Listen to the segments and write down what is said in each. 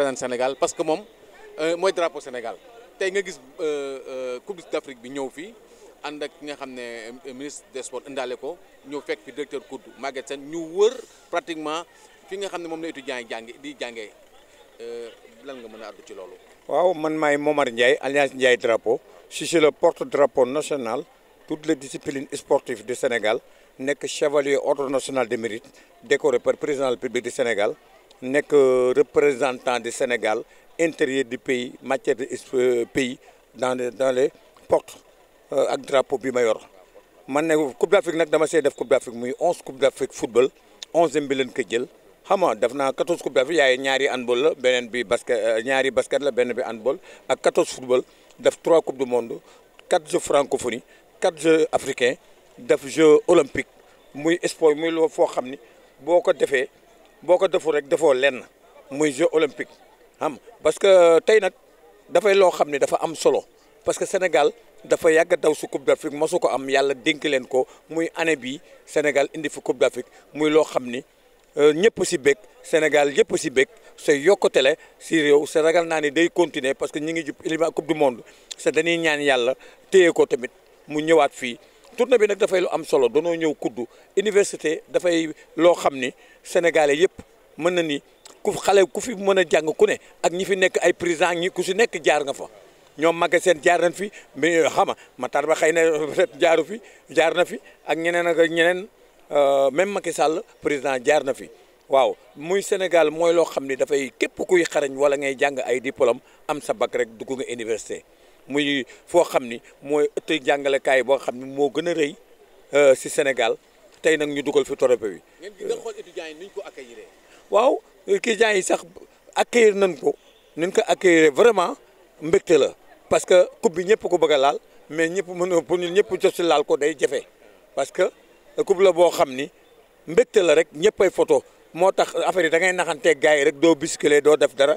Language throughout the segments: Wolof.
représente Sénégal parce que moom euh, mooy drapeau Sénégal tey nga gis euh, euh, coupe d'Afrique bi ñëw fii ànd ak nga ministre des sports indaale ko ñëw fekk fi directeur COUD Maguette Sène ñu wër pratiquement fi nga xamné mom moom la étudiants yi jàngi di jàngee lan nga mëna a addu ci lolu waaw man may Momar Ndiaye alliance Ndiaye drapeau Si c'est le porte-drapeau national toutes les disciplines sportives du Sénégal nek chevalier ordre national de mérite décoré par président de la République du Sénégal nek euh, représentant du Sénégal intérieur du pays matière de euh, pays dans les, portes et euh, le drapeau bi ma yor man nek coupe d'Afrique nak dama coupe d'Afrique muy 11 coupe d'Afrique football 11e bi len ko jël xama def na 14 coupe d'Afrique yaay ñaari handball la benen bi basket euh, ñaari basket la benen bi handball ak 14 football def 3 coupe du monde 4 jeux francophonie 4 jeux africains def jeu olympique muy espoir muy lo fo xamni boko defé boo ko deful rek defoo lenn muy jeu olympique am parce que euh, tey nag dafay loo xam ne dafa am solo parce que Sénégal dafa yàgg daw si coupe d'Afrique mosu ko am yàlla dénk leen ko muy année bi Sénégal indi fi coupe d'Afrique muy loo xam ni euh, ñëpp si bëgg Sénégal yëpp si bëgg sa yokkute la si réew sa ragal naa ne day continuer parce que ñi ngi jub coupe du monde sa dañuy ñaan yàlla téye ko tamit mu ñëwaat fii. tournée bi nag dafay lu am solo danoo ñëw kudd université dafay loo xam ni sénégalais yëpp mën na ni ku xale ku fi mën a jàng ku ne ak ñi fi nekk ay président ñi ku si nekk jaar nga fa ñoom magga jaar nañ fi mais xama Matar ba xëy na jaaru fi jaar na fi ak ñeneen ak ñeneen euh, même Macky Sall président jaar na fi waaw muy Sénégal mooy loo xam ni dafay képp kuy xarañ wala ngay jàng ay diplôme am sa bac rek dugg nga université muy fo xamni moy mooy ëtt jàngalekaay boo xam ni moo gën a rëy euh, Sénégal tay nak ñu duggal fi trophée wi ngeen gi nga xol étudiant ñu ko accueillir. waaw étudiants yi sax accueillir nañ ko nañ ko accueillir vraiment mbégte la parce que coupe bi ñëpp ko bëgg laal mais ñëpp mëno pour ñun ñëpp jot si laal ko day jëfé parce que coupe la bo xamni ni la rek ñëppay photo motax affaire yi da ngay naxanteeg gaay rek do bisculer do def dara.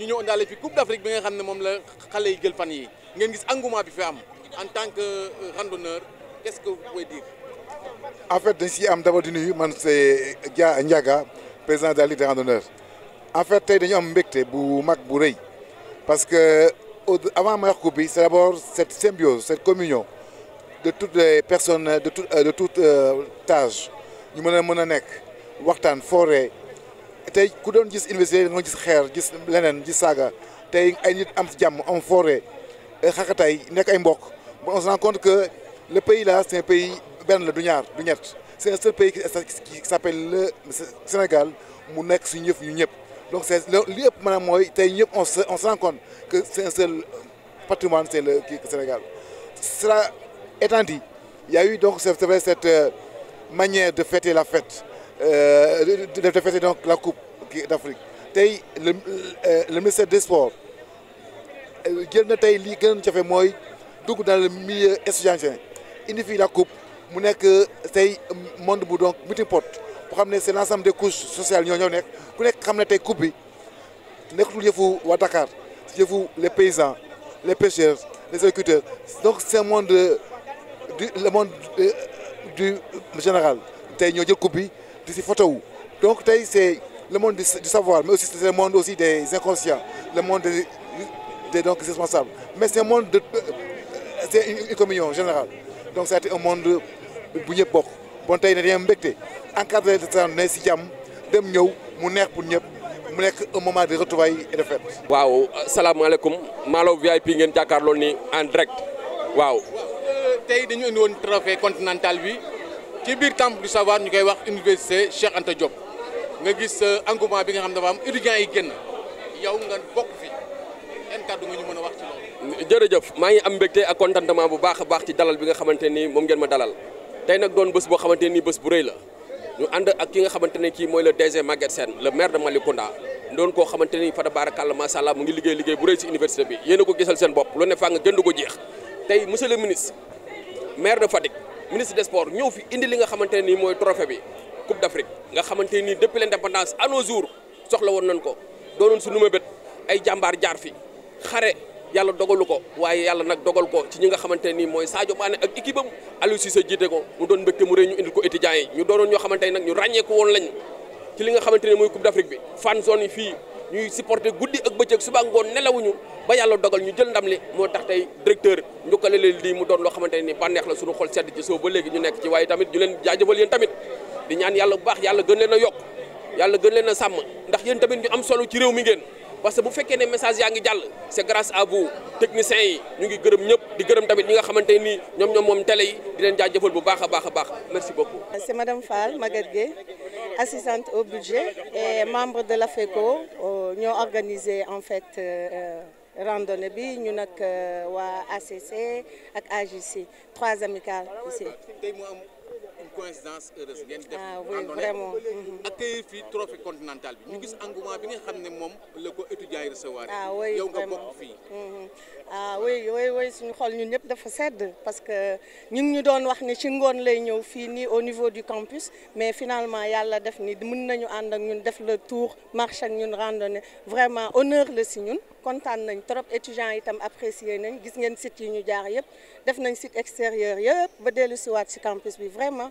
Nous ñëw andalé fi coupe d'Afrique bi nga xamné à la xalé yi fan en tant que euh, randonneur qu'est-ce que vous pouvez dire. en fait d'abord c'est Ndiaga président de la en fait tay dañu am parce que avant ma coupe c'est d'abord cette symbiose cette communion de toutes les personnes de toutes euh, de toutes euh, âge ñu mën a nek tey ku doon gis université nga gis xeer gis leneen gis saaga tey ay nit am jàmm am forêt eh, xaqataay nekk ay mbokk bon on se rend compte que le pays là c'est un pays benn la du ñaar du ñett c'est un seul pays qui s'appelle le Sénégal mu nekk suñu yëf ñu ñëpp donc c'est li ëpp maanaam mooy tey ñëpp on se on se rend compte que c'est un seul patrimoine c'est le kii Sénégal cela étant dit il y a eu donc c'est vrai cette euh, manière de fêter la fête euh, de fêter donc la Coupe d'Afrique tey le euh, le ministère des sports euh, jël na tey lii gën a jafe mooy dans le milieu étudiant. indi fii la Coupe mu nekk euh, tey monde bu donc melting pot pour xam ne c'est l'ensemble des couches sociales ñoo ñoo nekk ku nekk coupe bi nekkatul yëfu waa Dakar yëfu les paysans les pêcheurs les agriculteurs donc c'est un monde du le monde du général tey ñoo jël coupe bi de ces photo donc c'est c'est le monde du savoir mais aussi c'est le monde aussi des inconscients le monde des des donc responsables mais c'est un monde de euh, C'est une communion générale donc ça un monde bu ñëpp on bon tey ne cas de encadré de temps ne si dem mu neex pour ñëpp mu nekk un moment de retrouvailles et de fête. waaw salaamaaleykum Malo VIP ngeen Dakar ni en direct waaw. tey dañu avons un trophée continental oui. ci biir temple du savoir ñu kay wax université Cheikh Anta Diop nga gis euh, engouement bi nga xam ne am étudiants yi génn yow nga bokk fi yan kàddu nga ñu mën a wax ci loolu. jërëjëf maa ngi am mbégte ak contentement bu baax a baax ci dalal bi nga xamante ni moom ngeen ma dalal tey nag doon bés boo xamante ni bés bu rëy la ñu ànd ak ki nga xamante ne kii mooy le DG Maguette Sène le maire de Malicounda doon koo xamante ni fa tabaarakalla maa sha Allah mu ngi liggéey liggéey bu rëy si université bi yéen seen bopp lu ne nga gënd ko jeex tey monsieur le ministre maire de Fatick ministre de sports ñëw fi indi li nga xamante ne nii mooy trophée bi coupe d' afrique nga xamante nii depuis l' indépendance à nos jours soxla woon nañ ko doonoon su numébét ay jàmbaar jaar fi xare yàlla dogalu ko waaye yàlla nag dogal ko ci ñi nga xamante nii mooy Sadio Mané ak équipe am Aliou jiite ko mu doon mbégte mu rëy ñu indil ko étudiants yi ñu doonoon ñoo xamante ni nag ñu ràññeeku woon lañ ci li nga xamante ne mooy coupe d' afrique bi fan yi fii ñuy supporter guddi ak bëccëg suba ngoon nelawuñu ba yàlla dogal ñu jël ndam li moo tax tey directeur njukkale leen lii mu doon loo xamante ni bànneex la suñu xol sedd ci soo ba léegi ñu nekk ci waaye tamit ñu leen jaajëfal yéen tamit di ñaan yàlla bu baax yàlla gën leen a yokk yàlla gën leen a sàmm ndax yéen tamit ñu am solo ci réew mi ngeen parce que si vous avez message messages c'est grâce à vous techniciens yi ñu ngi gërëm ñëpp di gërëm tamit ñi nga xamanté ni ñom ñom moom télé yi di leen bu baax merci beaucoup. c'est Madame Fall Magadgué assistante au budget et membre de l'AFECO euh, ñoo organisé en fait euh, euh randonnée bi ñu nak wa ACC ak euh, AGC trois amicales ici coïncidence heureuse ngeen def. randonnée ah vraiment accueil fii trophée continental bi. ñu gis engouement bi nga xamné mom le ko étudiants yi recevoir. ah oui yow nga bokk fi mhm. ah oui oui oui suñu xol ñun ñep dafa sedd parce que ñu ñu doon wax ni ci ngoon lay ñëw fi ni au niveau du campus mais finalement yalla def ni mën nañu ànd ak ñun def le tour marche ak ñun randonnée vraiment honneur le si ñun kontaan nañ trop étudiants itam apprécier nañ gis ngeen site yi ñu jaar yépp def nañ site extérieur yépp ba dellu siwaat si campus bi vraiment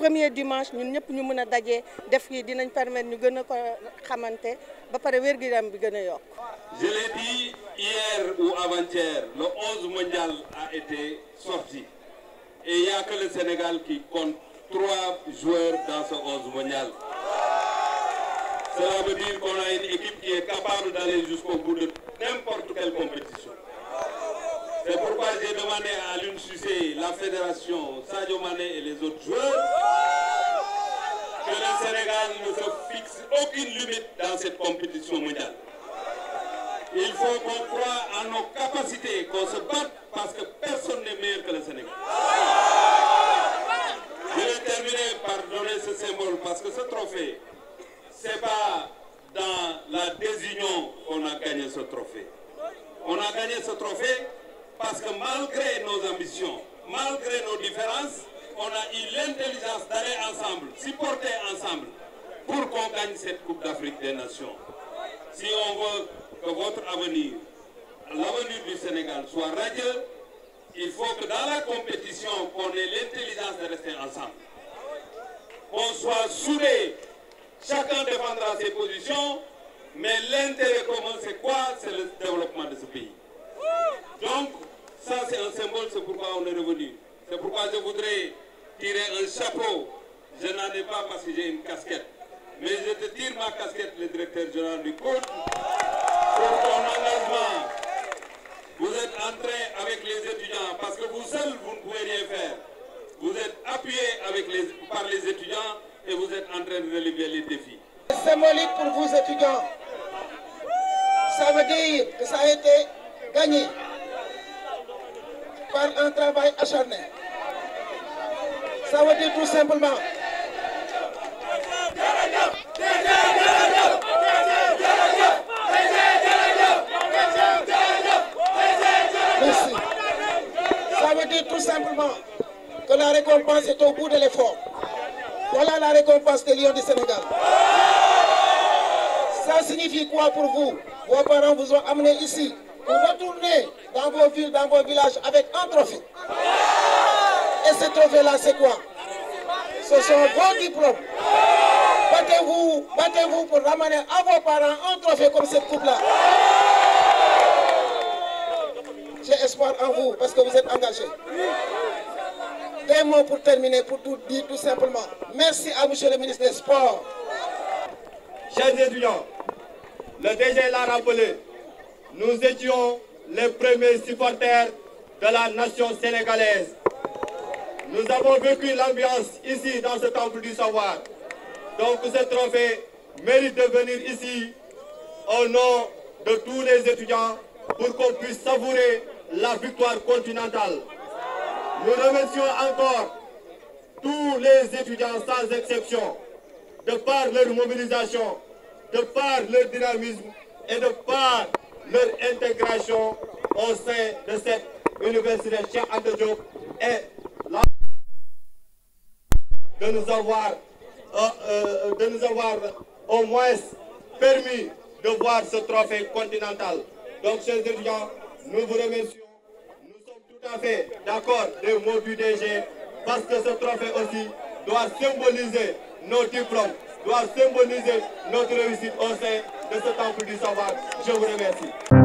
premier dimanche nous ne ñu nous faire des def permettre de nous nous ko xamante Je l'ai dit hier ou avant-hier, le 11 mondial a été sorti et il n'y a que le Sénégal qui compte trois joueurs dans ce 11 mondial. Cela veut dire qu'on a une équipe qui est capable d'aller jusqu'au bout de n'importe quelle compétition. Mais pourquoi j'ai demandé à l'UNCC, la fédération, Sadio Mané et les autres joueurs que le Sénégal ne se fixe aucune limite dans cette compétition mondiale. Il faut qu'on croie en nos capacités, qu'on se batte parce que personne n'est meilleur que le Sénégal. Je vais terminer par donner ce symbole parce que ce trophée, ce n'est pas dans la désunion qu'on a gagné ce trophée. On a gagné ce trophée parce que malgré nos ambitions, malgré nos différences, on a eu l'intelligence d'aller ensemble, s'y ensemble, pour qu'on gagne cette Coupe d'Afrique des Nations. Si on veut que votre avenir, l'avenir du Sénégal soit radieux, il faut que dans la compétition, on ait l'intelligence de rester ensemble. On soit soudés, chacun défendra ses positions, mais l'intérêt commun, c'est quoi C'est le développement de ce pays. Donc, ça, c'est un symbole, c'est pourquoi on est revenu. C'est pourquoi je voudrais tirer un chapeau. Je n'en ai pas parce que j'ai une casquette. Mais je te tire ma casquette, le directeur général du compte, pour ton engagement. Vous êtes entré avec les étudiants parce que vous seuls, vous ne pouvez rien faire. Vous êtes appuyé avec les, par les étudiants et vous êtes en train de relever les défis. C'est symbolique pour vous étudiants. Ça veut dire que ça a été gagné par un travail acharné. Ça veut dire tout simplement Ça veut dire tout simplement que la récompense est au bout de l'effort. Voilà la récompense des Lions du Sénégal. Ça signifie quoi pour vous Vos parents vous ont amené ici vous retournez dans vos villes, dans vos villages avec un trophée. Et ce trophée-là, c'est quoi Ce sont vos diplômes. Battez-vous, battez-vous pour ramener à vos parents un trophée comme cette coupe-là. J'ai espoir en vous parce que vous êtes engagés. Un mots pour terminer, pour tout dire tout simplement. Merci à M. le ministre des Sports. Chers étudiants, le DG l'a rappelé, nous étions les premiers supporters de la nation sénégalaise. Nous avons vécu l'ambiance ici dans ce temple du savoir. Donc ce trophée mérite de venir ici au nom de tous les étudiants pour qu'on puisse savourer la victoire continentale. Nous remercions encore tous les étudiants sans exception de par leur mobilisation, de par leur dynamisme et de par leur intégration au sein de cette université Cheikh Anta Diop et la de nous avoir euh, euh, de nous avoir au moins permis de voir ce trophée continental. Donc, chers étudiants, nous vous remercions. Nous sommes tout à fait d'accord des mots du DG parce que ce trophée aussi doit symboliser nos diplômes, doit symboliser notre réussite au sein tal por salvar na Messi.